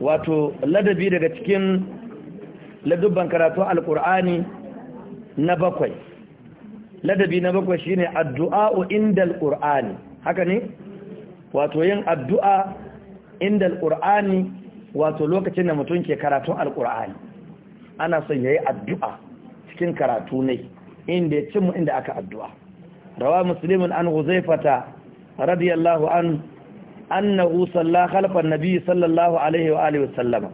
wato ladabi daga cikin ladubban karatu alkur'ani na bakwai ladabi na bakwai shine addu'a inda alkur'ani haka ne wato yin addu'a inda alkur'ani wato lokacin da mutum ke karatu alkur'ani ana son yi addu'a cikin karatu ne inda ya cimma inda aka addu'a rawa muslimin an huzaifata radiyallahu anhu annahu salla khalfan nabi sallallahu alaihi wa alihi wasallama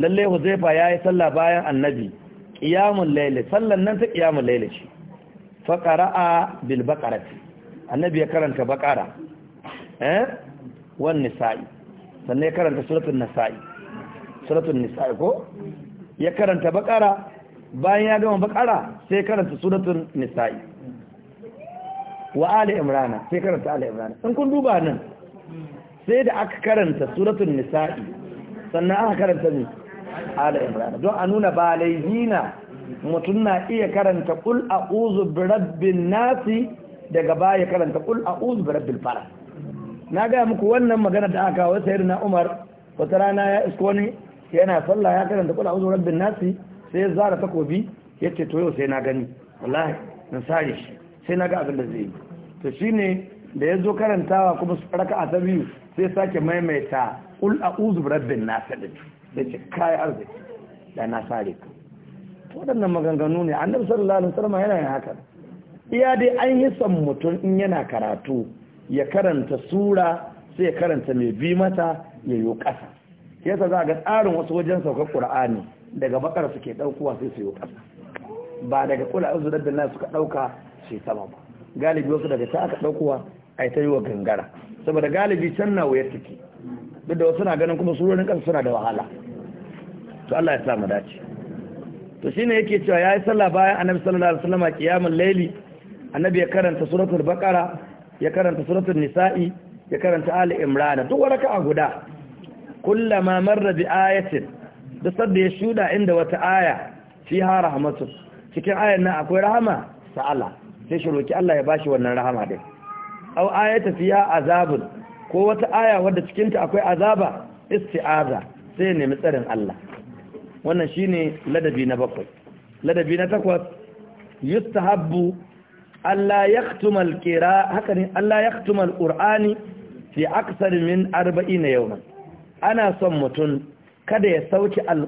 lalle huzaifa yayi sallah bayan annabi qiyamul layl sallan nan ta qiyamul layl ce fa qara'a bil baqarati annabi ya karanta baqara eh wan nisa'i sannan ya karanta suratul nisa'i suratul nisa'i ko ya karanta baqara bayan ya gama baqara sai karanta suratul nisa'i wa ali imrana sai karanta ali imrana in kun duba nan sai da aka karanta suratun nisa'i sannan aka karanta ne ala imran don a nuna ba laihina mutum na iya karanta a a'udhu birabbin nasi daga baya karanta a a'udhu birabbin fara na gaya muku wannan magana da aka kawo na umar wata rana ya isko ne yana sallah ya karanta a a'udhu birabbin nasi sai ya zara takobi ya ce to yau sai na gani wallahi na sare shi sai na ga abin da zai yi to shine da ya zo karantawa kuma raka'a ta biyu sai sake maimaita ƙul a uzu rabin nasa da ce kayi arziki da na sare ka waɗannan maganganu ne an sallallahu lalun wasallam yana yin haka iya dai an yi son mutum in yana karatu ya karanta sura sai ya karanta mai bi mata ya yi ƙasa yasa za a ga tsarin wasu wajen saukar ƙura'ani daga bakar suke ɗaukuwa sai su yi ƙasa ba daga ƙula a zuɗar da na suka ɗauka shi sama ba galibi wasu daga ta aka ɗaukuwa a ta yi wa gangara saboda galibi can na wuyar take duk da wasu na ganin kuma surorin kansu suna da wahala to Allah ya sa mu dace to shine yake cewa yayi sallah bayan annabi sallallahu alaihi wasallam qiyamul layli annabi ya karanta suratul baqara ya karanta suratul nisa'i ya karanta ali imran duk a guda kullama marra bi ayatin da sadda ya shuda inda wata aya fiha rahmatun cikin ayan nan akwai rahama sa'ala sai shi roki Allah ya bashi wannan rahama din aw ayata fiya azabun ko wata aya wadda cikinta akwai azaba isti'aza sai ne nemi tsarin Allah wannan shine ladabi na bakwai ladabi na takwas yustahabbu Allah yaktuma alqira haka ne Allah yaktuma al-qur'ani fi aksar min 40 yawman ana son mutun kada ya sauki al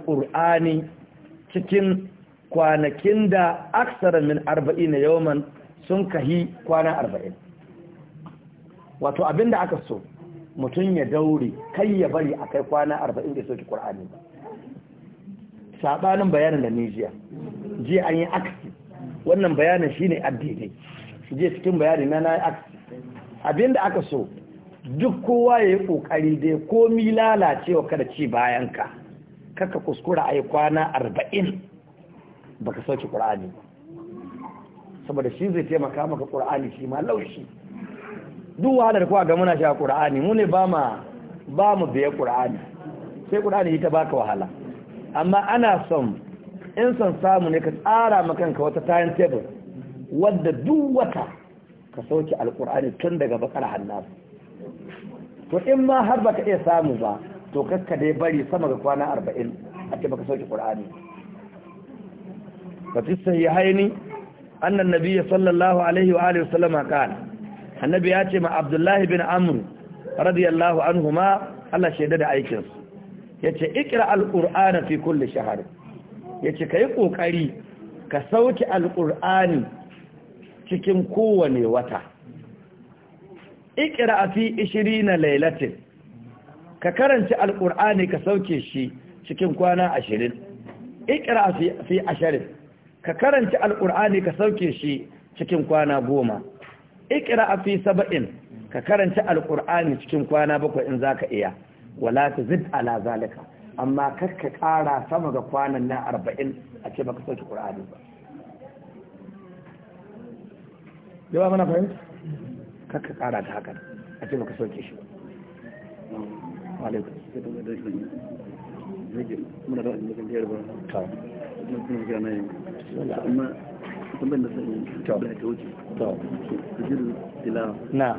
cikin kwanakin da aksar min 40 yawman sun kahi kwana 40 wato abin da aka so mutum ya daure kai ya bari a kai kwana arba'in da soke ƙur'ani ba saɓanin bayanin da nijiya jiya an yi aksi wannan bayanin shi ne addini jiya cikin bayani na na aksi abin da aka so duk kowa ya yi ƙoƙari dai komi lalacewa kada ci bayanka kaka kuskura a yi kwana arba'in baka sauke ƙur'ani ba saboda shi zai taimaka maka ƙur'ani shi ma laushi duk wahalar kuwa ga muna sha ƙura'ani mu ne ba ma ba mu biya qur'ani sai qur'ani ita baka wahala amma ana son in son samu ne ka tsara ma kanka wata tayin tebur wadda duk wata ka sauke alƙura'ani tun daga bakar hannar to in ma har baka iya samu ba to kakka dai bari sama ga kwana arba'in a ce baka sauke qur'ani ka fi sahihaini annan an sallallahu alaihi wa wa wasallam qala annabi ya ce ma abdullahi bin amru radiyallahu anhu ma Allah shaida da aikinsu ya ce ikira al'ur'ana fi kulle shahar ya ce ka yi ƙoƙari ka sauki al'ur'ani cikin kowane wata ikira a fi ishiri na lailatin ka karanci al'ur'ani ka sauke shi cikin kwana ashirin ikira a fi ashirin ka karanci al'ur'ani ka sauke shi cikin kwana goma ikra fi sab'in ka karanta alqur'ani cikin kwana bakwai in zaka iya wala ta zid ala zalika amma kar ka kara sama ga kwanan na arba'in a ce baka sauki ƙur'ani ba da ba mana fahimta kar ka kara ta haka a ce baka sauki shi ba tambayar da sani ta ta wuce to na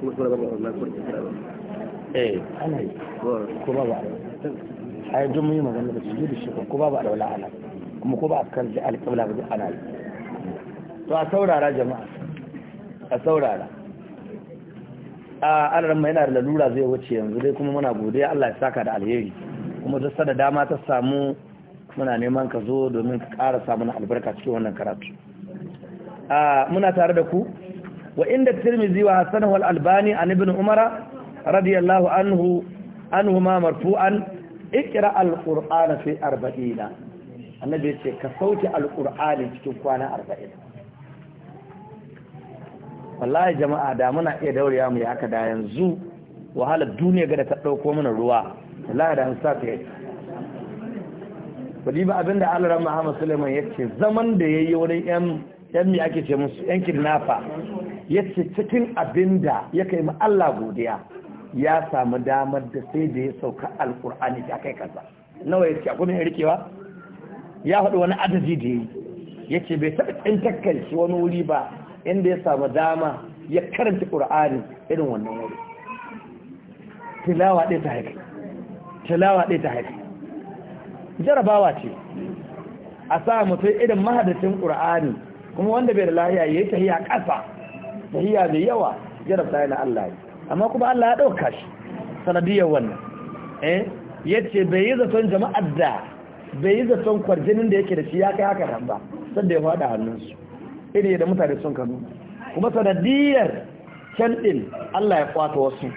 kuma ba ta ba eh ana yi ba shi ko ana kuma ko ba a kan ba ana yi to a saurara jama'a a saurara a mai yana da lalura zai wuce yanzu dai kuma muna godiya Allah ya saka da alheri kuma duk da dama ta samu muna neman ka zo domin ka ƙara samun albarka cikin wannan karatu muna tare da ku wa inda tirmizi wa hassan wal albani an ibn umara radiyallahu anhu anhu ma marfu'an ikira al fi arba'ina, annabi yace ka sauke al cikin kwana arba'ina. wallahi jama'a da muna iya daurewa mu haka da yanzu wahalar duniya ga da ta ɗauko mana ruwa wallahi da an sa ta bali ba abinda alaran muhammad suleiman ya ce zaman da ya yi wurin yan mi ake ce musu yan kidnafa ya ce cikin abinda ya kai ma allah godiya ya samu damar da sai da ya sauka alkur'ani ta kai kasa. nawa ya ce a kudin rikewa ya faɗi wani adadi da ya yi ya ce bai taɓa tsintar kanshi wani wuri ba inda ya samu dama ya karanta ƙur'ani irin wannan wuri tilawa ɗaya ta haifi tilawa ɗaya ta haifi jarabawa ce a sa mutum irin mahadacin ƙura'ani kuma wanda bai da lahiya ya yi tahiya ƙasa tahiya mai yawa jarabta yana Allah yi amma kuma Allah ya ɗauka shi sanadiyar wannan eh, ya ce bai yi zaton jama'ar da bai yi zaton kwarjinin da yake da shi ya kai haka nan ba da ya faɗa hannunsu iri da mutane sun kanu kuma sanadiyar can ɗin Allah ya kwata wasu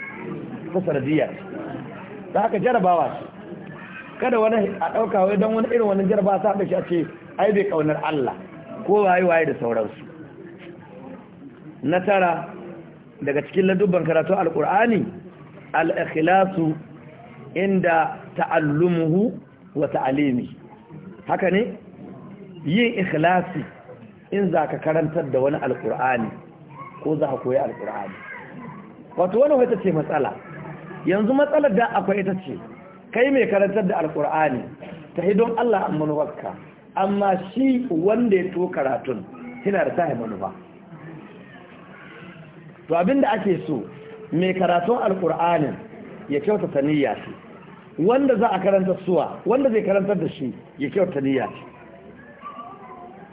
ta sanadiyar da haka jarabawa ce kada wani a ɗauka wai don wani irin wani jarba ta da shi a ce ai bai kaunar Allah ko waye waye da sauransu na tara daga cikin ladubban karatu alqur'ani al-ikhlasu inda ta'allumuhu wa ta'alimi haka ne yin ikhlasi in za ka karantar da wani alkur'ani ko za ka koyi alkur'ani wato wani wata ce matsala yanzu matsalar da akwai ita ce kai mai karantar da alkur'ani ta hidon Allah an manuwarka amma shi wanda ya to karatun yana da sahi manufa to abinda ake so mai karatun alkur'anin ya ta niyya shi wanda za a karanta suwa wanda zai karantar da shi ya kyauta niyya shi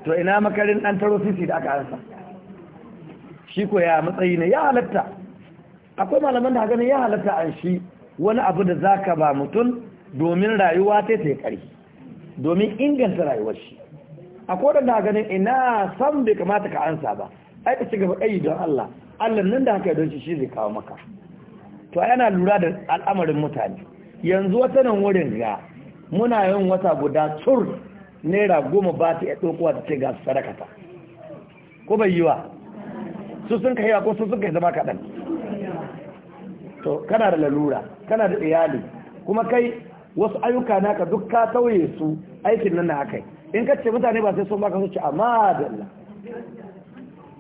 to ina makarin ɗan taro sisi da aka ansa shi ko ya matsayi ne ya halatta akwai malaman da haka ne ya halatta an shi wani abu da zaka ba mutum domin rayuwa ta ta ƙari domin inganta rayuwar shi a kodan da ganin ina san bai kamata ka ansa ba ai ka cigaba ɗayi don Allah Allah nan da haka don shi shi zai kawo maka to yana lura da al'amarin mutane yanzu wata nan wurin ga muna yin wata guda tur naira goma ba ta iya ɗaukowa ta ce ga su sadakata ko bai yi wa su sun ka yi ko su sun ka zama kaɗan to kana da lalura kana da iyali kuma kai wasu ayyuka naka duk ka tauye su aikin nan na akai in ka ce mutane ba sai sun baka su ce amma da Allah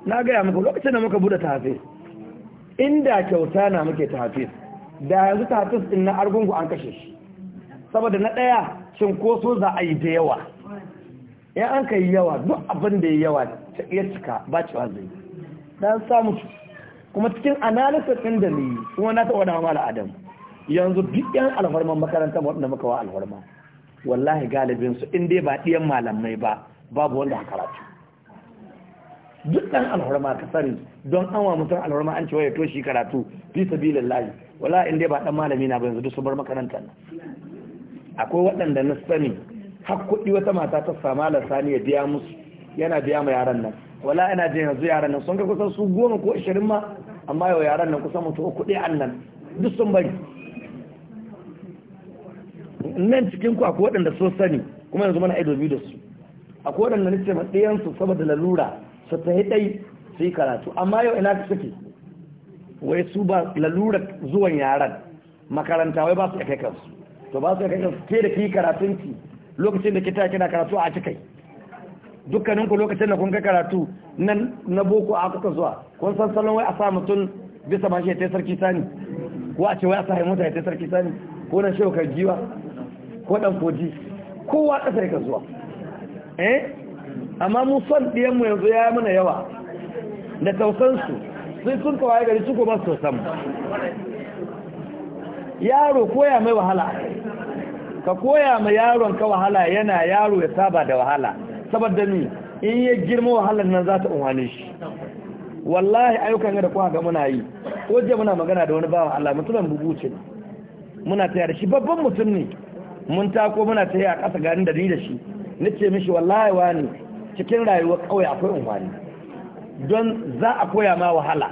na gaya muku lokacin da muka buɗe tafi inda kyauta na muke tafis da yanzu tafis din na argungu an kashe shi saboda na ɗaya cinkoso za a yi da yawa in an kai yawa duk abin da ya yawa ya cika ba ciwa zai dan samu kuma cikin analisa ɗin da ni kuma na taɓa da mala adam yanzu duk yan alfarman makaranta waɗanda muka wa alfarma wallahi galibin su in dai ba ɗiyan malamai ba babu wanda ha karatu duk ɗan alfarma ka sani don an wa mutum alfarma an cewa ya toshi karatu fi sabilin layi wallahi in dai ba ɗan malami na ba yanzu duk su bar makaranta nan akwai waɗanda na sani har wata mata ta sama lasani ya biya musu yana biya ma yaran nan wala ina jin yanzu yaran nan sun ga kusan su goma ko ashirin ma amma yau yaran nan kusan mutu uku ɗaya annan duk sun bari nan cikin ku akwai waɗanda so sani kuma yanzu mana ido biyu da su akwai waɗanda na ce matsayan su saboda lalura su ta yi ɗai su yi karatu amma yau ina ka suke wai su ba lalura zuwan yaran makaranta wai ba su kai kansu to ba su kai kansu ke da ki karatunki lokacin da ta kina karatu a cikai dukkanin ku lokacin da kun ga karatu nan na boko a kuka zuwa kun san salon wai a sa mutum bisa ba shi ya tai sarki sani ko a ce wai a sa haimuta ya tai sarki sani ko na shi kan jiwa ko dan koji kowa kasa ya zuwa eh amma mu son diyan mu yanzu ya mana yawa da tausan su sai sun kawai gari su ko ba su tausan yaro koya mai wahala ka koya ma yaron ka wahala yana yaro ya saba da wahala saboda ni in ya girma wahalar nan za ta umarni shi wallahi ayyukan yadda kuka ga muna yi wajen muna magana da wani bawa Allah mutumin bugu ce muna taya da shi babban mutum ne mun tako muna taya a ƙasa ganin da ni da shi nace mishi wallahi wani cikin rayuwar ƙauye akwai umarni don za a koya ma wahala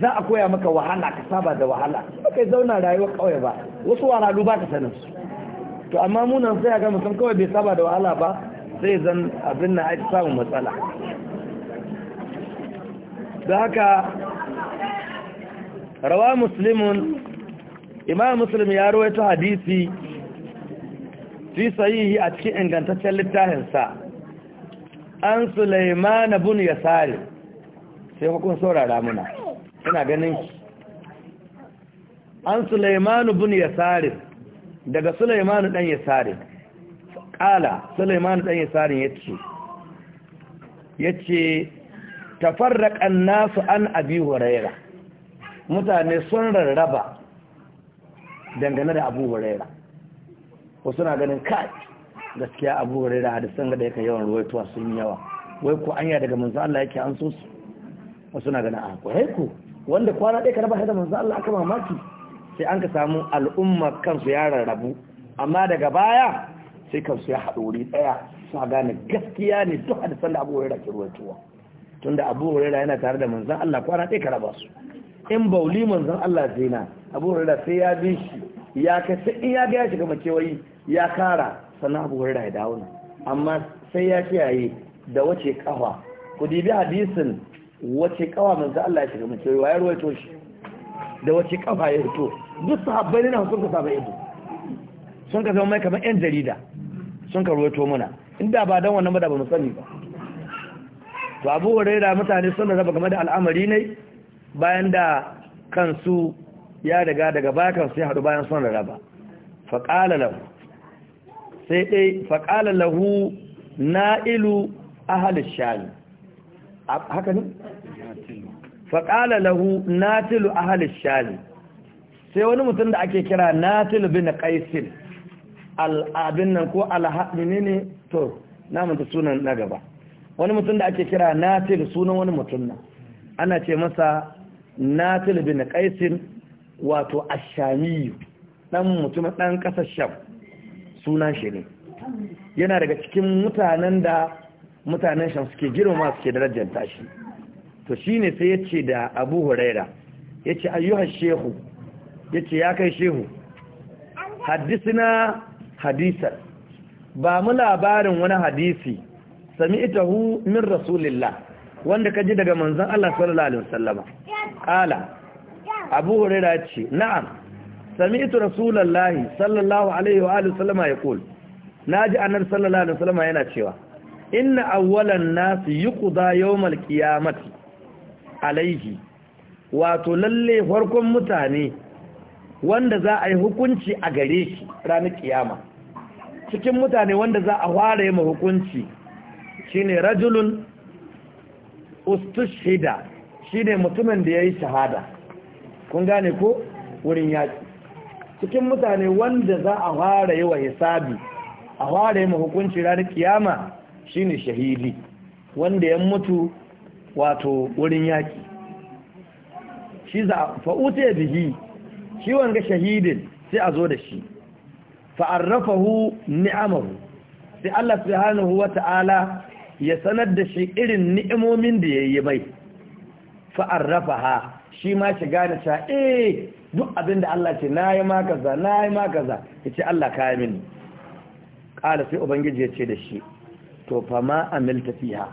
za a koya maka wahala ka saba da wahala ba kai zauna rayuwar ƙauye ba wasu waralu ba ka sanin su to amma munan sai a ga mutum kawai bai saba da wahala ba sai zan abin na aiki samun matsala da haka rawa musulmin, imam muslim ya rawaito hadisi fi sahihi a cikin ingantaccen littafinsa an sulaiman ya tsari. sai hukun saurara muna ina ganin an sulaiman ya tsari. daga Sulaimanu dan Yasarin qala Sulaimanu dan Yasarin yace yace tafarraqan nasu an Abi Huraira mutane sun rarraba dangane da Abu Huraira wasu na ganin kai gaskiya Abu Huraira hadisan da yake yawan ruwaituwa sun yawa wai ko anya daga manzo Allah yake an so su wasu na ganin a ko wanda kwana ɗaya ka raba da manzo Allah aka mamaki sai an ka samu al'umma kansu ya rarrabu amma daga baya sai kansu ya haɗu wuri ɗaya suna gane gaskiya ne duk hadisan da abu hurera ke tuwa tun da abu hurera yana tare da manzan Allah kwana ɗaya karaba su in bauli manzan Allah zina abu hurera sai ya bi shi ya kai sai in ya ga ya shiga makewayi ya kara sannan abu hurera ya dawo nan amma sai ya kiyaye da wace kafa ku dibi hadisin wace kawa manzan Allah ya shiga makewayi wa ya ruwaito shi da wace kafa ya fito duk sahabbai na sun kasa saba ido sun kasa mai kamar yan jarida sun ka to muna inda ba dan wannan ba da ba mu sani ba to Abu da mutane sun raba game da al'amari ne bayan da kansu ya daga daga baya kansu ya hadu bayan sun raba fa lahu sai dai fa lahu na'ilu ahli shani haka ne faƙala lahu natilu ahalis shali sai wani mutum da ake kira natilu bin qaisil al'abin nan ko alhaɗini ne to namanta sunan na gaba wani mutum da ake kira natilu sunan wani mutum nan ana ce masa natilu bin qaisin wato ashamiyu ɗan mutum dan ƙasar sham sunan shi ne yana daga cikin mutanen da mutanen sham suke girma suke darajanta shi. to shine sai ya ce da abu huraira ya ce ayyuhar shehu ya ce ya kai shehu hadisina hadisar ba mu labarin wani hadisi sami ita hu min rasulillah wanda ka ji daga manzan Allah sallallahu Alaihi wasallama ƙala abu huraira ce na'am sami ita rasulallah, sallallahu Alaihi wasallama ya kul na ji anar sallallahu Alaihi wasallama yana cewa inna awwalan nasu yi ƙuda yau malkiyamati alaihi wato lalle farkon mutane wanda za a yi hukunci a gare shi ranar kiyama cikin mutane wanda za a fara yi hukunci shine rajulun ustushida shine mutumin da yayi shahada kun gane ko wurin yaki cikin mutane wanda za a fara yi wa hisabi a fara yi hukunci ranar kiyama shine shahidi wanda ya mutu wato wurin yaki shi za utiya bihi shi wanga shahidin sai a zo da shi arrafahu ni'amahu sai Allah subhanahu wata'ala ya sanar da shi irin ni'imomin da yayi mai ha. shi ma shi gane cewa eh duk abin da Allah ce nayi ma kaza nayi ma kaza yace Allah kaya mini Ƙara sai ubangiji ya ce da shi to fa ma amilta fiha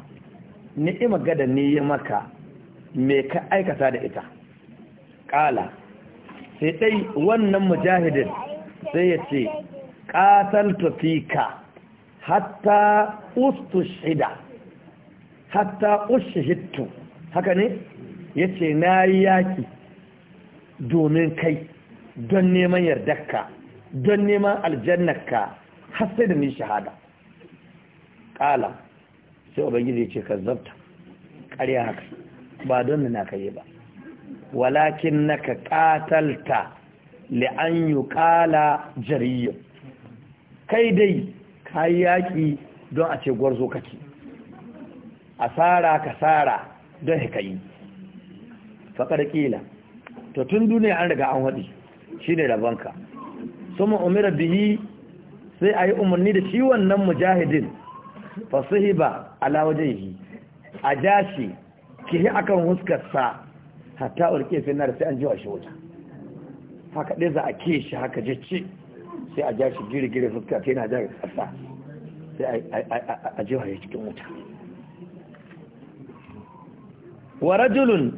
ni'ima gada ni yi maka me ka aikata da ita ƙala sai dai wannan mujahidin sai ya ce ƙataltu fika hatta ustushida hatta ushahittu, haka ne ya ce na yaƙi domin kai don neman yardarka don neman aljannarka har sai da ni shahada ƙala sai ubangiji ce ka zabta ƙarya haka ba don na yi ba walakin na ka ƙatalta li'an yi ƙala jariyar kai dai ka yi yaƙi don a ce gwarzo kake asara tsara don hikayi faƙar ƙila to tun duniya an riga an waɗi shi ne rabonka sun da biyi sai a yi umarni da shi wannan mujahidin ba ala wajhihi a jashi kihi akan huskar sa hatta urke fi nar sai an jiwa shi wuta haka dai za a ke shi haka jicci sai a jashi girgire fuska sai na jaga ƙasa sai a jiwa shi cikin wuta wa rajulun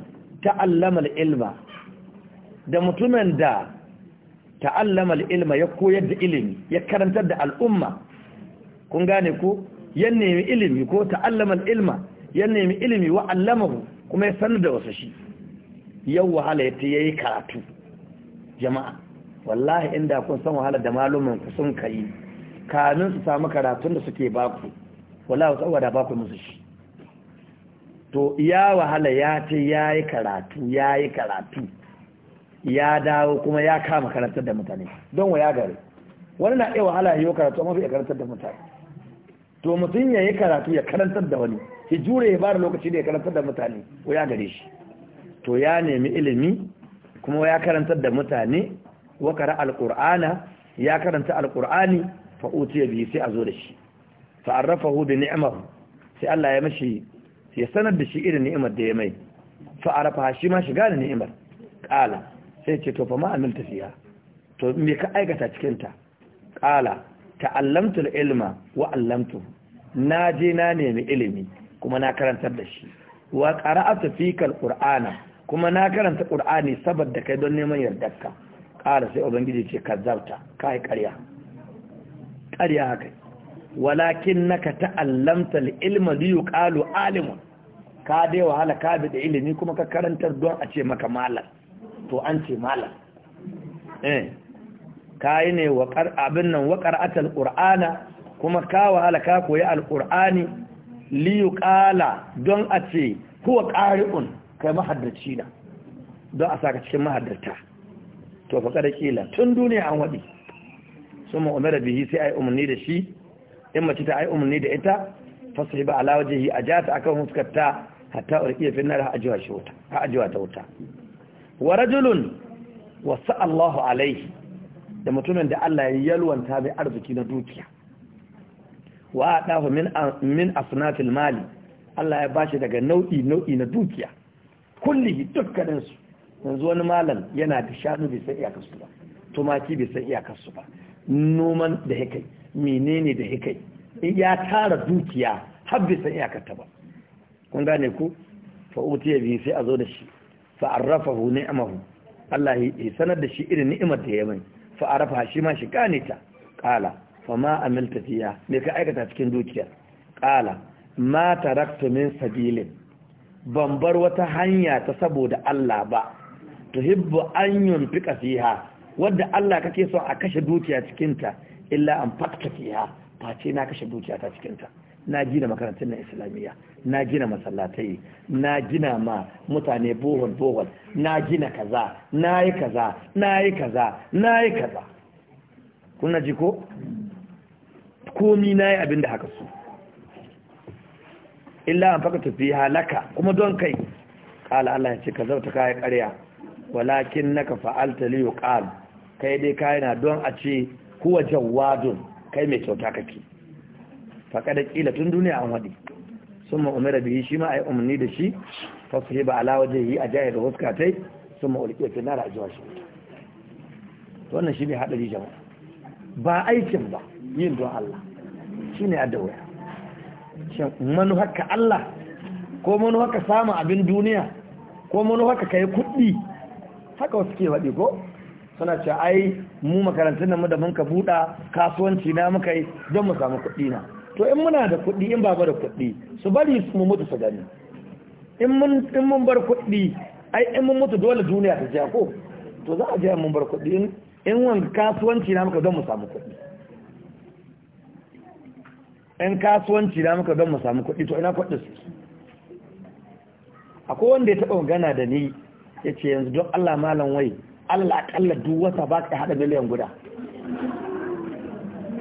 ta'allama ilma da mutumin da ta'allama ilma ya koyar da ilimi ya karantar da al'umma kun gane ku? yan nemi ilimi ko ta'allama ilma yan nemi ilimi wa allamahu kuma ya sanar da wasu shi yau wahala ya yayi karatu jama'a wallahi inda kun san wahala da malumin ku sun kai kanin su samu karatun da suke baku wallahi wasu da baku musu shi to ya wahala ya ce yayi karatu yayi karatu ya dawo kuma ya kama karantar da mutane don wa ya gare wani na iya wahala yi karatu amma bai karantar da mutane to mutum ya yi karatu ya karantar da wani ya jure ya bada lokaci da ya karantar da mutane ko ya gare shi to ya nemi ilimi kuma ya karantar da mutane wa kara ya karanta alkur'ani fa'uti ya biyu sai a zo da shi fa'arrafa hu da sai Allah ya mashi ya sanar da shi irin ni'imar da ya mai fa shi ma shiga da ni'imar Ƙala. sai ce to fa ma amilta tafiya. to me ka aikata cikin ta kala ta'allamtul ilma wa allamtu na je na nemi ilimi kuma na karantar da shi wa qara'atu fika alqur'ana kuma na karanta qur'ani saboda kai don neman yardarka Kare sai ubangiji ce kazzabta kai ƙarya ƙarya haka naka ta'allamta ilma li yuqalu alimun ka dai wahala ka bi da ilimi kuma ka karantar don a ce maka malam to an ce malam eh kayi ne abin nan waƙar atal ƙur'ana kuma ka wahala ka koyi alƙur'ani liyu ƙala don a ce kuwa ƙari'un kai mahaddarci na don a saka cikin mahaddarta to faƙa da ƙila tun duniya an waɗi sun da bihi sai a yi umarni da shi in mace ta a yi umarni da ita fasihi ba ala wajehi a ja ta akan huskarta hatta urkiya fi a ha'ajiwa ta wuta wa rajulun wasu allahu alaihi da mutumin da Allah ya yalwanta mai arziki na dukiya wa adahu min min asnafil mali Allah ya bashi daga nau'i nau'i na dukiya kulli dukkanin su yanzu wani malam yana da shanu bai san iyakarsu ba tumaki bai san iyakarsu ba noman da hikai menene da hikai ya tara dukiya har bai san iyakarta ba kun gane ku fa ya bi sai a zo da shi fa arrafahu ni'amahu Allah ya sanar da shi irin ni'imar da ya mai fa arafa shi ma shi gane ta Ƙala. fa ma amilta fiya me ka aikata cikin dukiyar qala ma taraktu min sabilin ban bar wata hanya ta saboda Allah ba tuhibbu an fi fiha wadda Allah kake so a kashe dukiya cikinta illa an fakta fiha face na kashe dukiya ta cikinta. na gina makarantun na islamiyya na gina masallatai na gina ma mutane bohol bohol na gina kaza na yi kaza na yi kaza na yi kaza kuna ji ko komi na yi abin da haka su illa an faka tafi halaka kuma don kai kala Allah ya ce ka zauta kayan karya walakin naka fa'alta liyu kai dai kayana don a ce kuwa jawadun kai mai kyauta kake faƙa da ƙila tun duniya an waɗi sun ma'umira bihi shi ma a yi umarni da shi fasu ba ala waje yi a jayar da huska ta yi sun ma'ulƙe fi nara a jiwa shi wannan shi ne haɗari jama'a ba aikin ba yin don Allah shi ne shi manu haka Allah ko haka samun abin duniya ko haka ka yi kuɗi haka wasu ke waɗi ko suna cewa ai mu makarantar nan mu da mun ka buɗa kasuwanci na muka yi don mu samu kuɗi na to in muna da kuɗi in ba da kuɗi su bari su mu mutu su gani in mun in mun bar kuɗi ai in mun mutu dole duniya ta ja ko to za a je mun bar kuɗi in in kasuwanci na muka don mu samu kuɗi in kasuwanci na muka don mu samu kuɗi to ina kuɗi su akwai wanda ya taɓa magana da ni ya ce yanzu don Allah malam wai Allah akalla duk wata ba ka haɗa miliyan guda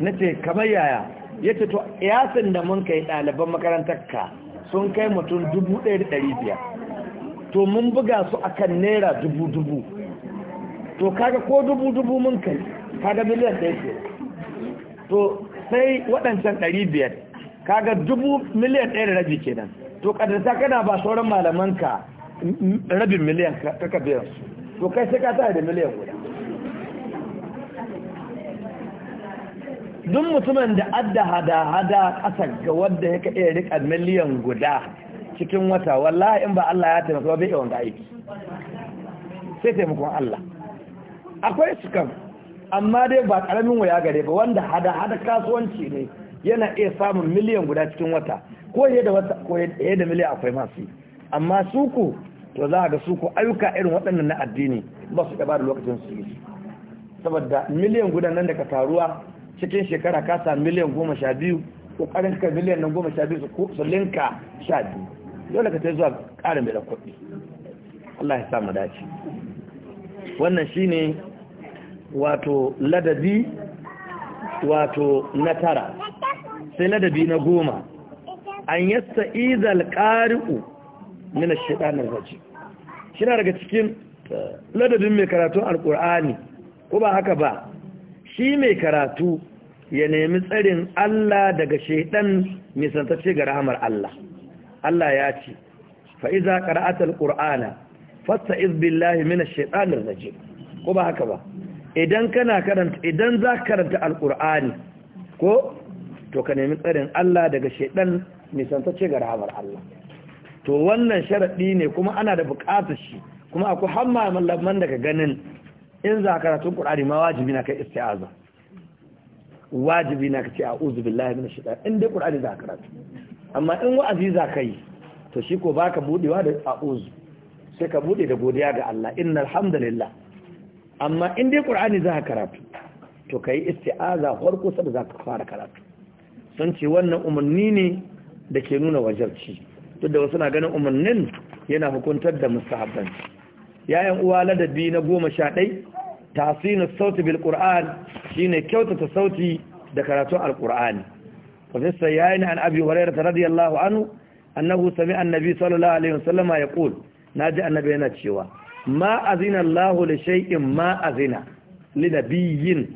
na ce kamar yaya ya ce to yasin da mun kai ɗaliban makarantar ka sun kai mutum 1,500 to mun buga su akan naira dubu-dubu to kaga ko dubu-dubu mun kai kaga miliyan ɗaya ce to sai waɗancan 500 kaga dubu miliyan ɗaya da rabi kenan to kadarta kana ba sauran malamanka rabin miliyan ka biyan to kai sai ka tare da miliyan guda Dun mutumin da adda hada-hada ƙasa ga wadda ya kaɗe ya rika miliyan guda cikin wata wallahi in ba Allah ya taimaka ba bai wanda aiki sai taimakon Allah akwai su kan amma dai ba ƙaramin waya gare ba wanda hada-hada kasuwanci ne yana iya samun miliyan guda cikin wata ko ya da wata ko da miliyan akwai masu amma suku to za ga suku ayyuka irin waɗannan na addini ba su da lokacin su yi saboda miliyan guda nan ka taruwa cikin shekara ka samu miliyan goma sha biyu ƙoƙarin ka miliyan nan goma sha biyu su linka sha biyu dole ka ta zuwa ƙarin da kuɗi Allah ya samu dace wannan shi ne wato ladabi wato na tara sai ladabi na goma an yasta izal ƙari'u mina shiɗanar waje shina daga cikin eh, ladabin mai karatun alƙur'ani ko ba haka ba shi mai karatu ya nemi tsarin Allah daga shaidan nisantacce ga rahamar Allah Allah ya ce Fa'iza ƙara'atar qara'ata alqur'ana fasta'iz mina minash shaitanir ko ba haka ba idan kana karanta idan za karanta al’ur’ani, ko to ka nemi tsarin Allah daga shaidan nisantacce ga rahamar Allah to wannan sharaɗi ne kuma ana da bukatar shi kuma akwai hamma mallaman daga ganin in za ratun ƙur'ani ma wajibi na kai isti'aza wajibi na ka ce a uzu billahi min shida in dai ƙur'ani za karatu amma in wa'azi za ka yi to shi ko baka budewa da a uzu sai ka bude da godiya ga Allah innal alhamdulillah. amma in dai ƙur'ani za ka karatu to kai isti'aza farko sai za ka fara karatu sun ce wannan umarni ne da ke nuna wajarci duk da wasu na ganin umarnin yana hukuntar da mustahabbanci yayan uwa ladabi na goma sha ɗai tasinu sauti bil qur'an shine kyautata sauti da karatun alqur'ani wa fi sayyani an abi hurairah radiyallahu anhu annahu sami'a annabi sallallahu alaihi wasallama yaqul naji annabi yana cewa ma azina allah li shay'in ma azina li nabiyyin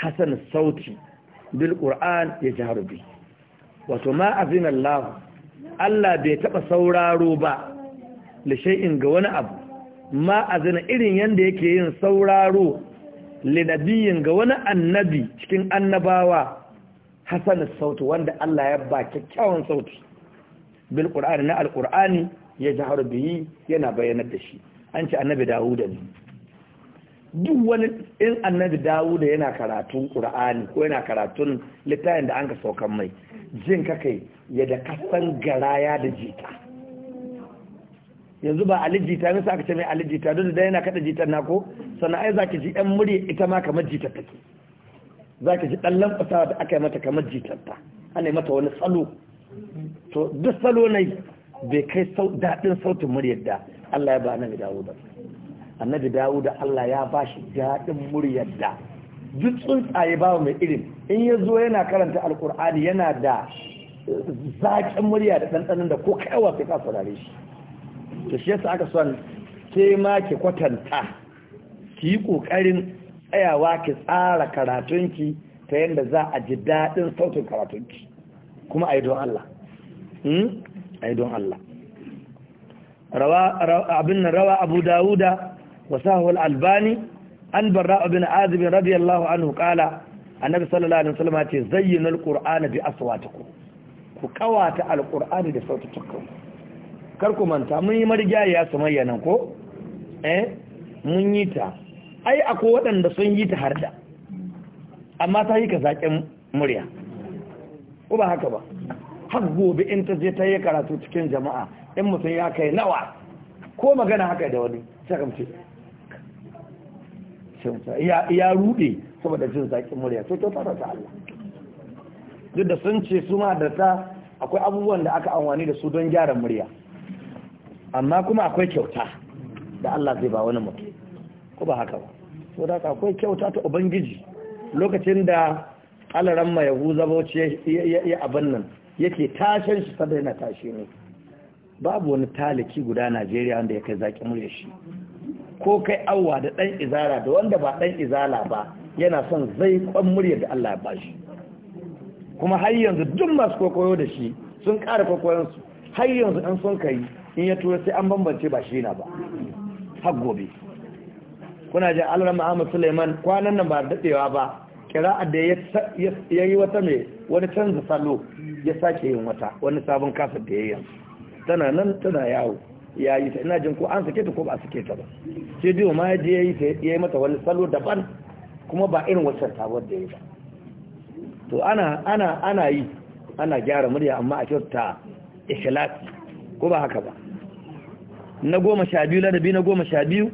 hasan sauti bil qur'an yajharu bi wato ma azina allah Allah bai taba sauraro ba li shay'in ga wani abu ma zina irin yanda yake yin sauraro linabiyin ga wani annabi cikin annabawa hasan sautu wanda Allah ya ba kyakkyawan sautu. bil qur'ani na alqur'ani ya jahar bihi yana bayanar da shi an ce annabi dawuda ne duk wani in annabi dawuda yana karatun qur'ani ko yana karatun littafin da an ka saukan mai jin kakai ya da kasan garaya da jita yanzu ba jita ne sai aka ce mai jita duk da yana kada jitar na ko sannan ai zaki ji yan murya ita ma kamar jitar take zaki ji dan lamfasawa da aka yi mata kamar jitar ta ana yi mata wani salo to duk salo ne bai kai daɗin sautin muryar da Allah ya ba annabi Dawud annabi Dawud Allah ya ba shi daɗin muryar da duk tsuntsaye ba mai irin in ya zo yana karanta alkur'ani yana da zaƙin murya da ɗanɗanin da ko kaiwa sai ka saurare shi to shi yasa aka son ke ma ki kwatanta ki yi ƙoƙarin tsayawa ki tsara karatunki ta yadda za a ji daɗin sautin karatunki kuma a yi don Allah hmm? a yi don Allah abin nan rawa abu dawuda wa sahawar albani an barra abin azibin radiyallahu anhu kala annabi sallallahu alaihi wasallam ce zayyinul qur'ana bi aswatikum ku kawata Alƙur'ani da sautin sautukanku kar ku manta mun yi marigayiya sumayya nan ko eh mun yi ta ai akwai waɗanda sun yi ta har da amma ta yi ka zaƙin murya ko ba haka ba har gobe in ta je ta yi karatu cikin jama'a in mutum ya kai nawa ko magana haka da wani sakamce ya rude saboda jin zaƙin murya to ta ta Allah duk da sun ce su ma da ta akwai abubuwan da aka amfani da su don gyara murya amma kuma akwai kyauta da Allah zai ba wani mutum ko ba haka ba so da akwai kyauta ta ubangiji lokacin da alaran mai yahu zabauci ya abin nan yake tashin shi sadar yana tashi ne babu wani taliki guda Najeriya wanda ya kai zaƙi murya shi ko kai awwa da ɗan izara da wanda ba ɗan izala ba yana son zai kwan murya da Allah ya bashi kuma har yanzu duk masu kwakwayo da shi sun ƙara kwakwayon har yanzu an sun kai in ya tura sai an bambance ba shi na ba har gobe kuna jin alarar Ahmad suleiman kwanan nan ba daɗewa ba kira'ar da ya yi wata mai wani canza salo ya sake yin wata wani sabon kasar da ya yi tana nan tana yawo ya yi ta ina jin ko an sake ta ko ba sake ta ba ce biyu ma ya je ya yi mata wani salo daban kuma ba irin wacce sabuwar da ya yi ba to ana yi ana gyara murya amma a kyauta ikhlasi ko ba haka ba na goma sha biyu ladabi na goma sha biyu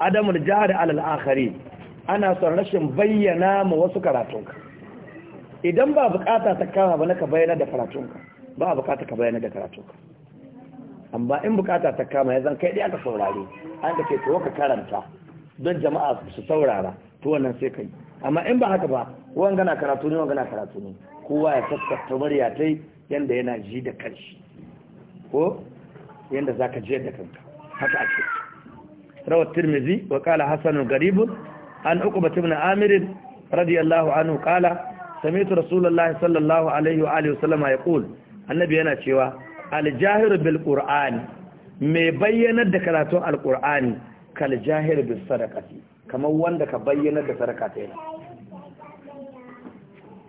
adamul jihar alal ana son rashin bayyana ma wasu karatunka idan ba bukata ta kama ba na ka bayyana da karatunka ba bukata ka bayyana da karatunka amma in bukata ta kama ya zan kai dai aka saurare an da ke to ka karanta don jama'a su saurara to wannan sai kai amma in ba haka ba wanga na karatu ne wanga na karatu ne kowa ya taskata murya tai yanda yana ji da kanshi ko yanda zaka je da kanka haka ake rawat tirmizi wa kala hasan garib an uqbah ibn amir radiyallahu anhu kala sami'tu rasulullahi sallallahu alaihi wa alihi ya yaqul annabi yana cewa al-jahiru bil qur'ani mai bayyanar da karatun al-qur'ani kal jahir bis sadaqati kamar wanda ka bayyanar da sadaka ta yana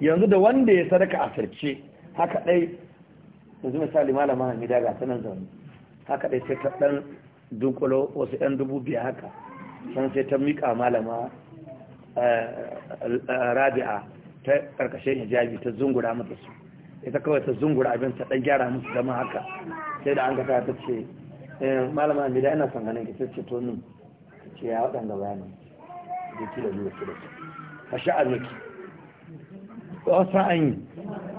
yanzu da wanda ya sadaka a sarce haka dai yanzu misali malama hamida ga sanan zaune haka dai sai ta dan dunkulo wasu yan dubu biya haka sun sai ta miƙa malama eh, eh, rabi'a ta karkashin hijabi ta zungura mata su ita kawai ta zungura abin ta dan gyara musu zama haka sai da an gata ta ce eh, malama mai da ina son ganin ki ce to ni ce ya waɗanda bayanin da ki da zuwa ki da su sha azuki wasu an yi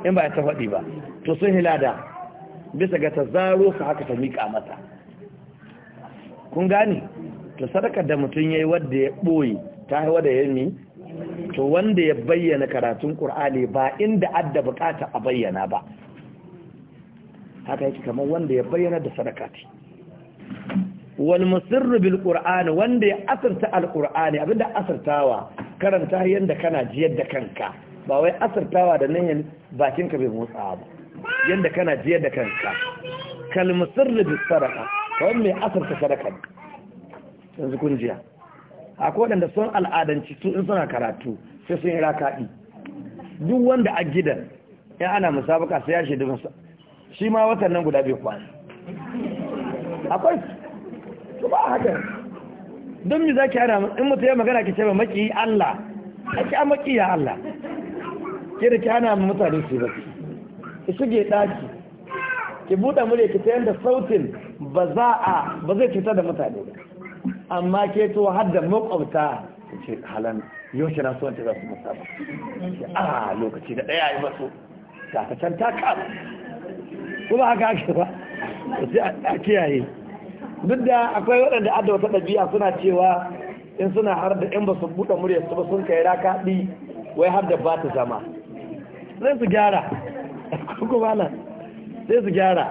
in ba ta faɗi ba to sun hilada bisa ga tazaro ka haka ta miƙa mata kun gane to sadakar da mutum ya yi ya ɓoye ta haiwa da yami to wanda ya bayyana karatun qur'ani ba inda adda bukata a bayyana ba haka yake kamar wanda ya bayyana da sadaka ce wal musirru bil qur'ani wanda ya asarta al qur'ani abinda asartawa karanta yanda kana jiyar da kanka ba wai asartawa da nan bakin ka bai motsawa ba yadda kana jiya da kanka kalmasir da sadaka kawai mai asarta sadaka yanzu kun jiya akwai waɗanda sun al'adanci su suna karatu sai sun yi rakaɗi duk wanda a gidan ya ana musabaka sai ya shaidu masa shi ma watan nan guda biyu kwanu akwai su ba haka don mi za ki hana in mutu ya magana ki ce ba maki Allah a ki a maki ya Allah ki da ki ana mutane su yi ki shige daki ki buɗe murya ki tayar da sautin ba za a ba zai cuta da mutane amma ke to har da makwabta ki ce halan ah, yau na so wanda za su musa ba a lokaci da ɗaya yi masu takacen taka kuma haka ake ba sai a kiyaye duk da akwai waɗanda adda wata ɗabi'a suna cewa in suna har da in ba su buɗe su ba sun kai raka ɗi wai har da ba ta zama sai su gyara kuma na sai su gyara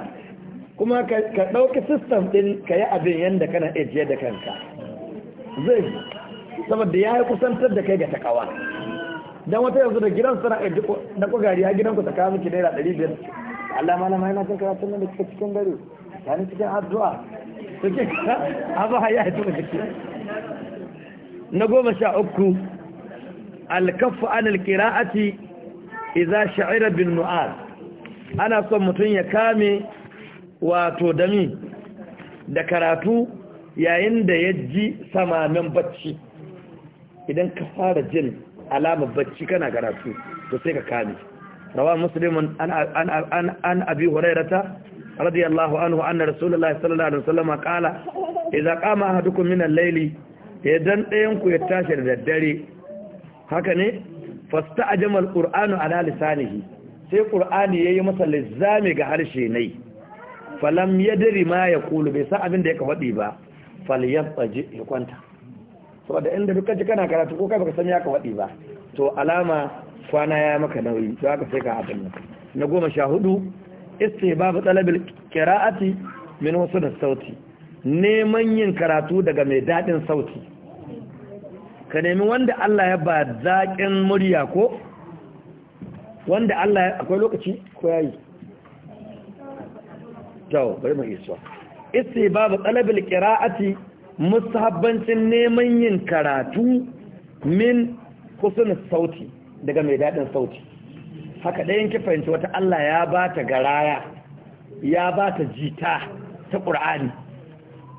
kuma ka ɗauki sistem ɗin ka yi abin yadda kana ajiye da kanka zai saboda ya yi kusantar da kai ga takawa don wata yanzu da gidan suna ajiye na kogari ya ku ta kawo miki naira ɗari biyar Allah ma na mai na kan karatun nan da kika cikin gari ya ni cikin addu'a suke kara abu haya ya tuka jiki na goma sha uku alkafu an alkira'ati idza sha'ira bin nu'ad ana son mutum ya kame wato dami da karatu yayin da ya ji samamin bacci idan ka fara jin alamar bacci kana karatu to sai ka kame Rawan muslimun an abi hurairata radiyallahu anhu anna rasulullahi sallallahu alaihi wasallam qala idza qama ahadukum min al-layli idan ɗayan ku ya tashi da daddare haka ne fasta al-qur'anu ala lisanihi sai qur'ani yayi masa lizzami ga harshe nai falam yadri ma yaqulu bai san abin da yake faɗi ba falyafaji ya kwanta saboda inda duk kaji kana karatu ko kai baka san ya ka faɗi ba to alama kwana ya maka nauyi to haka sai ka abin nan na goma sha hudu istihbab talabil qira'ati min wasan sauti neman yin karatu daga mai dadin sauti ka nemi wanda Allah ya ba zaƙin murya ko wanda Allah akwai lokaci ko yayi to bari mu isa istibab talabil qira'ati mustahabbancin neman yin karatu min kusun sauti daga mai dadin sauti haka dai ki fahimci wata Allah ya ba ta garaya ya ba ta jita ta Qur'ani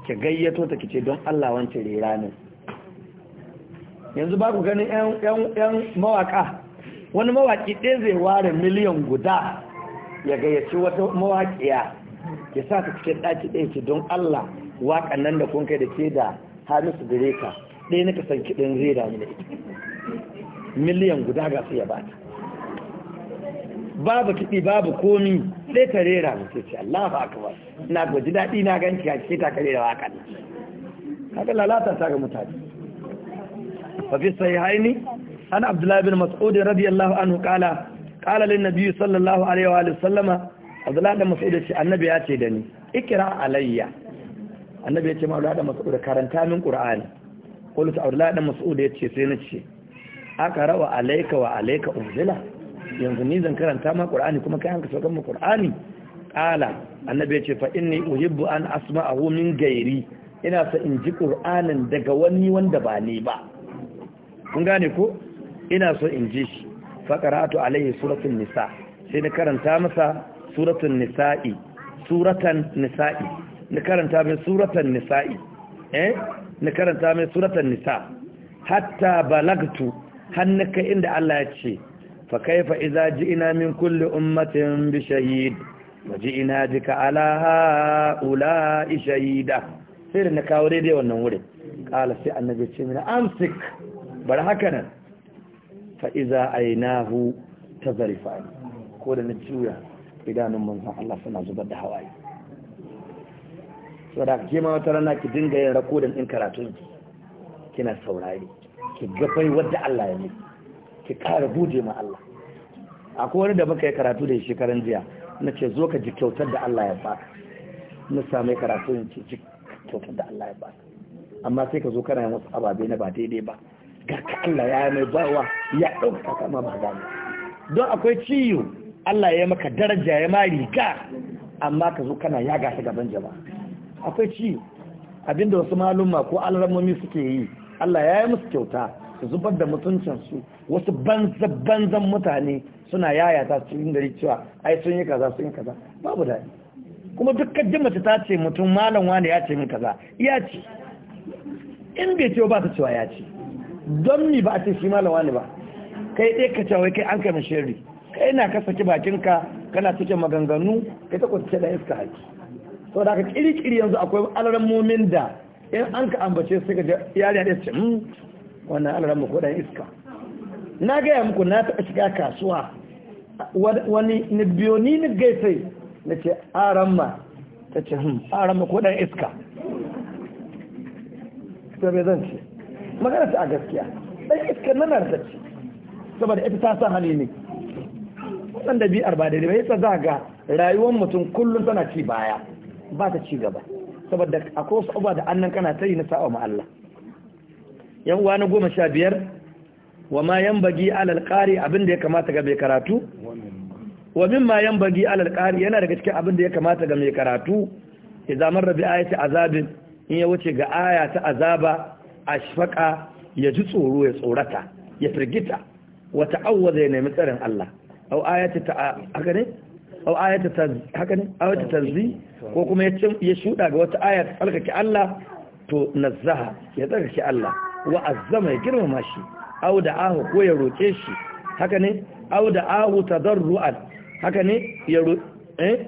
ki gayyato ta kice don Allah wance rera yanzu ba ku ganin 'yan yan mawaka wani mawaki ɗaya zai ware miliyan guda ya gayyaci wata mawaƙiya ya sa ta cikin ɗaki ɗaya ce don Allah waƙan nan da kunkai da ke da Hamisu Direka ɗaya nika san kiɗin zai damu da ita miliyan guda ga su ya bata babu kiɗi babu komi ɗaya ta rera mu ce ce Allah ba ka ba na gwaji daɗi na ki a cikin kare da waƙan nan haka lalata ta ga mutane Fafi fi haini. an abdullahi bin mas'ud radiyallahu anhu qala qala lin nabiy sallallahu alaihi wa sallama abdullahi bin mas'ud ce annabi ya ce da ni ikra alayya annabi ya ce ma abdullahi bin mas'ud karanta min qur'ani ta abdullahi bin mas'ud ya ce sai na ce aka rawa alayka wa alayka unzila yanzu ni zan karanta ma qur'ani kuma kai an ka saukar mu qur'ani qala annabi ya ce fa inni uhibbu an asma'ahu min gairi ina sa in ji qur'anin daga wani wanda ba ni ba kun gane ko ina so in ji shi faƙara'atu alaihi suratun nisa sai na karanta masa suratun nisa'i suratan nisa'i na karanta mai suratan nisa'i eh na karanta mai suratan nisa hatta balagtu hannaka inda Allah ya ce fa kaifa idza ji'na min kulli ummatin bi shahid wa ji'na bika ala ha'ula'i shahida sai da na kawo dai-dai wannan wurin kala sai annabi ce mina amsik bar haka nan fa'iza nahu ta zarifani ko da na juya idanun manzan Allah suna zubar da hawaye so da ke ma wata rana ki dinga yin rakodin ɗin karatun kina saurari ki gafai wadda Allah ya nufi, ki ƙara buje ma Allah akwai wani da muka yi karatu da shekaran jiya na ce zo ka ji kyautar da Allah ya baka na same karatu in ce ji kyautar da Allah ya baka amma sai ka zo kana yin wasu ababe na ba daidai ba ga ka Allah ya mai bawa ya ɗauka kama magana don akwai ciyo Allah ya maka daraja ya ma riga amma ka zo kana ya gasa gaban jama. akwai ciyo abinda wasu maluma ko alramomi suke yi Allah ya yi musu kyauta su zubar da mutuncinsu wasu banzan mutane suna ta cikin gari cewa ai sun yi kaza sun yi kaza babu daɗi kuma dukkan mace ta ce mutum malam wani ya ce min kaza ya ce in bai ce ba ta cewa ya ce don mi ba a ce shi malawa ne ba kai ɗaya ka cewa kai an kama shirri kai na ka saki bakinka kana cikin maganganu kai ta kwace da iska haki sau da aka kiri yanzu akwai mumin da in an ka ambace su ga yari da ce hmm, wannan mu ko dan iska na gaya muku na taɓa shiga kasuwa wani ni biyo ni ni gaisai na ce aramma ta ce hmm, aramma ko dan iska ta bai zan ce magana ta a gaskiya dan iskar nan arzaki saboda ita ta san hali ne wannan dabi'ar ba daidai ba yasa za ga rayuwar mutum kullum tana ci baya ba ta ci gaba saboda akwai wasu abuwa da annan kana ta yi na sa'a ma Allah yan uwa na goma sha biyar wa ma yan bagi alal ƙari abin da ya kamata ga mai karatu wa min ma yan bagi alal ƙari yana daga cikin abin da ya kamata ga mai karatu ya zamar rabi ayati azabin in ya wuce ga aya ta azaba a ashfaqa ya ji tsoro ya tsorata ya firgita wata ta'awwaza ya nemi tsarin Allah au ayata ta haka ne au ayata ta haka ne ayata zi ko kuma ya shuda ga wata aya ta ki Allah to nazaha ya tsarkake Allah wa azama ya girmama shi da ahu ko ya roke shi haka ne da ahu tadarruan haka ne ya eh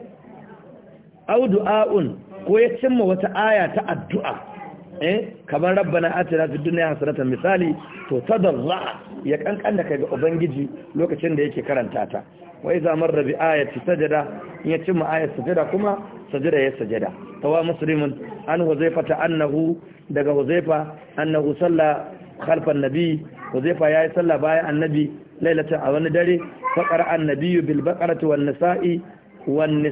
au du'aun ko ya cimma wata aya ta addu'a eh kamar rabbana atina fid dunya hasanatan misali to tadarra ya kankan da kai ga ubangiji lokacin da yake karanta ta wa iza marra bi ayati sajada in ya cimma ayat sajada kuma sajada ya sajada tawa muslimun an ta annahu daga huzaifa annahu salla khalfan nabi huzaifa yi salla bayan annabi lailatan a wani dare faqara annabi bil baqarati wan nisa'i wan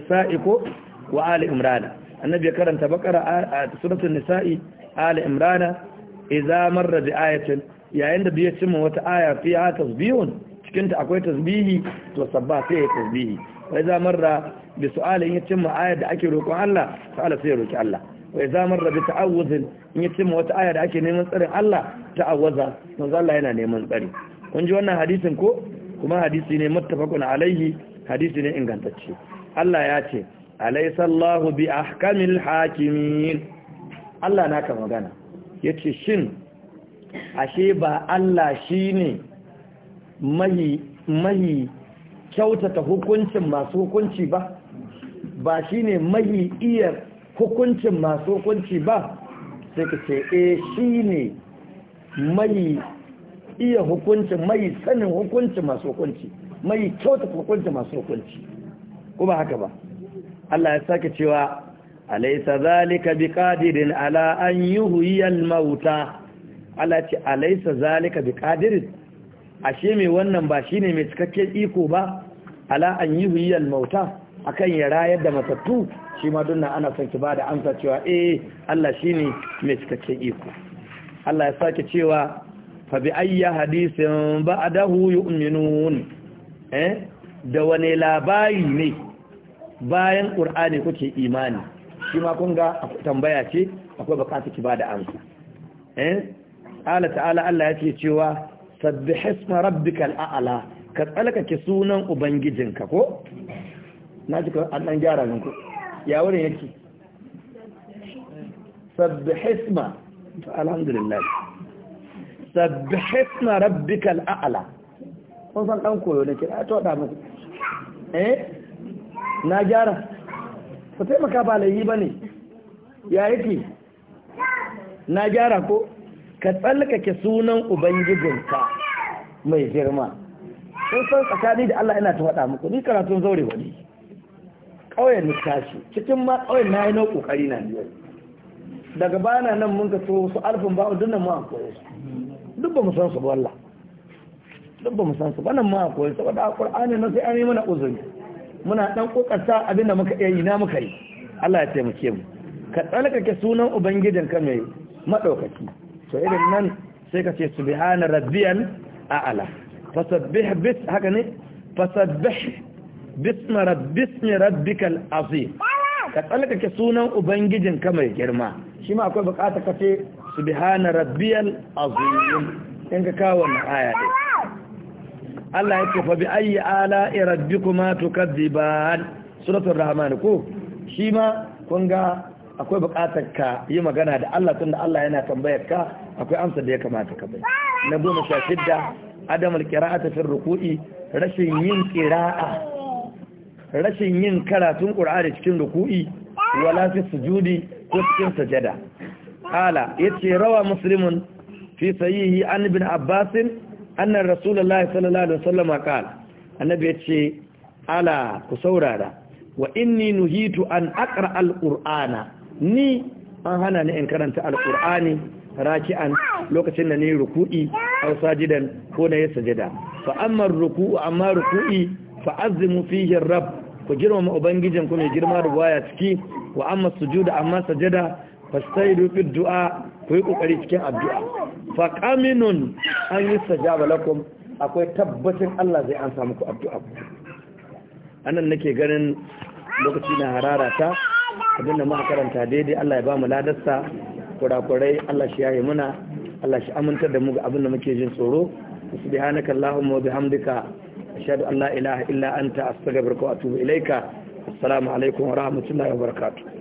ko wa ali imran annabi ya karanta baqara a suratul nisa'i ali imrana idza marra bi ayatin yayin da biye cimma wata aya fi ha tasbihun cikin ta akwai tasbihi to sabba sai ya tasbihi wa idza marra bi su'alin ya cimma ayar da ake roƙon Allah Allah sai ya roki Allah wa idza marra bi ta'awuzin in ya cimma wata aya da ake neman tsarin Allah ta'awaza to Allah yana neman tsari kun ji wannan hadisin ko kuma hadisi ne muttafaqun alaihi hadisi ne ingantacce Allah ya ce alaysa Allahu bi ahkamil hakimin Allah naka magana ya ce shin ashe ba Allah shi ne mahi kyautata hukuncin masu hukunci ba ba ne mahi iya hukuncin masu hukunci ba sai ka ce e shi ne mahi iya hukuncin mahi sanin hukuncin masu hukunci mahi kyautata hukuncin masu hukunci kuma haka ba Allah ya sake cewa alaysa zalika biqadirin ala an yuhyi al-mauta Allah ce alaysa zalika biqadirin ashe me wannan ba shine mai cikakken iko ba ala an yuhyi al-mauta akan ya rayar da matattu shi ma dunna ana son ki bada amsa cewa eh Allah shine mai cikakken iko Allah ya sake cewa fa bi ayyi hadithin ba'dahu yu'minun eh da wani labari ne bayan qur'ani kuke imani shi ma kun ga tambaya ce akwai bukatar ki bada amsa eh Allah ta'ala Allah yake cewa isma rabbikal a'la ka ki sunan ubangijinka ko na ji an dan gyara nan ku ya wurin yake sabbihisma alhamdulillah isma rabbikal a'la kun san dan koyo ne a to da muku eh na gyara ku taimaka ba layi ba ne ya yake na gyara ko ka tsallake sunan ubangijinka mai girma sun san tsakani da Allah yana ta faɗa muku ni karatun zaure wani ƙauyen tashi cikin ma ƙauyen na yi na ƙoƙari na biyar daga bana nan mun ka so su alfin ba'u dinnan ma akwai su duk ba mu san su ba Allah duk ba mu san su ba nan a akwai saboda a ƙur'ani na sai an yi mana uzuri muna dan kokarta abinda muka yi na muka yi Allah ya taimake mu ka tsalkake sunan ubangijin ka mai madaukaki to irin nan sai ka ce subhana rabbiyal a'la fasabbih bis haka ne fasabbih bisma rabbismi rabbikal azim ka tsalkake sunan ubangijin ka mai girma shi ma akwai bukata ka ce subhana rabbiyal azim in ka kawo wannan aya din Allah ya ce fa bi ayi ala rabbikuma tukadziban suratul rahman ko shi ma kun ga akwai bukatar ka yi magana da Allah tunda Allah yana tambayar ka akwai amsa da ya kamata ka bai na goma sha shidda adamul qira'ati fi ruku'i rashin yin qira'a rashin yin karatun qur'ani cikin ruku'i wala fi sujudi ko cikin sajada qala yace rawa muslimun fi sahihi an ibn abbasin annan rasulullahi sallallahu alaihi wasallam qala annabi yace ala ku saurara wa inni nuhitu an aqra alqur'ana ni an hana ni in karanta alqur'ani raki'an lokacin da ni ruku'i aw sajidan ko na yi sujada fa amma ruku'u amma ruku'i fa azimu fihi rabb ku girmama ubangijin ku mai girma ruwaya ciki wa amma sujuda amma sajada fastaidu fi du'a ku yi kokari cikin addu'a fa qaminun an yustajaba lakum akwai tabbacin Allah zai an samu ku addu'a anan nake ganin lokaci na harara ta abinda muka karanta daidai Allah ya ba mu ladarsa kurakurai Allah shi yayi muna Allah shi amintar da mu ga abin da muke jin tsoro subhanaka allahumma wa bihamdika ashhadu an la ilaha illa anta astaghfiruka wa atubu ilaika assalamu alaikum wa rahmatullahi wa barakatuh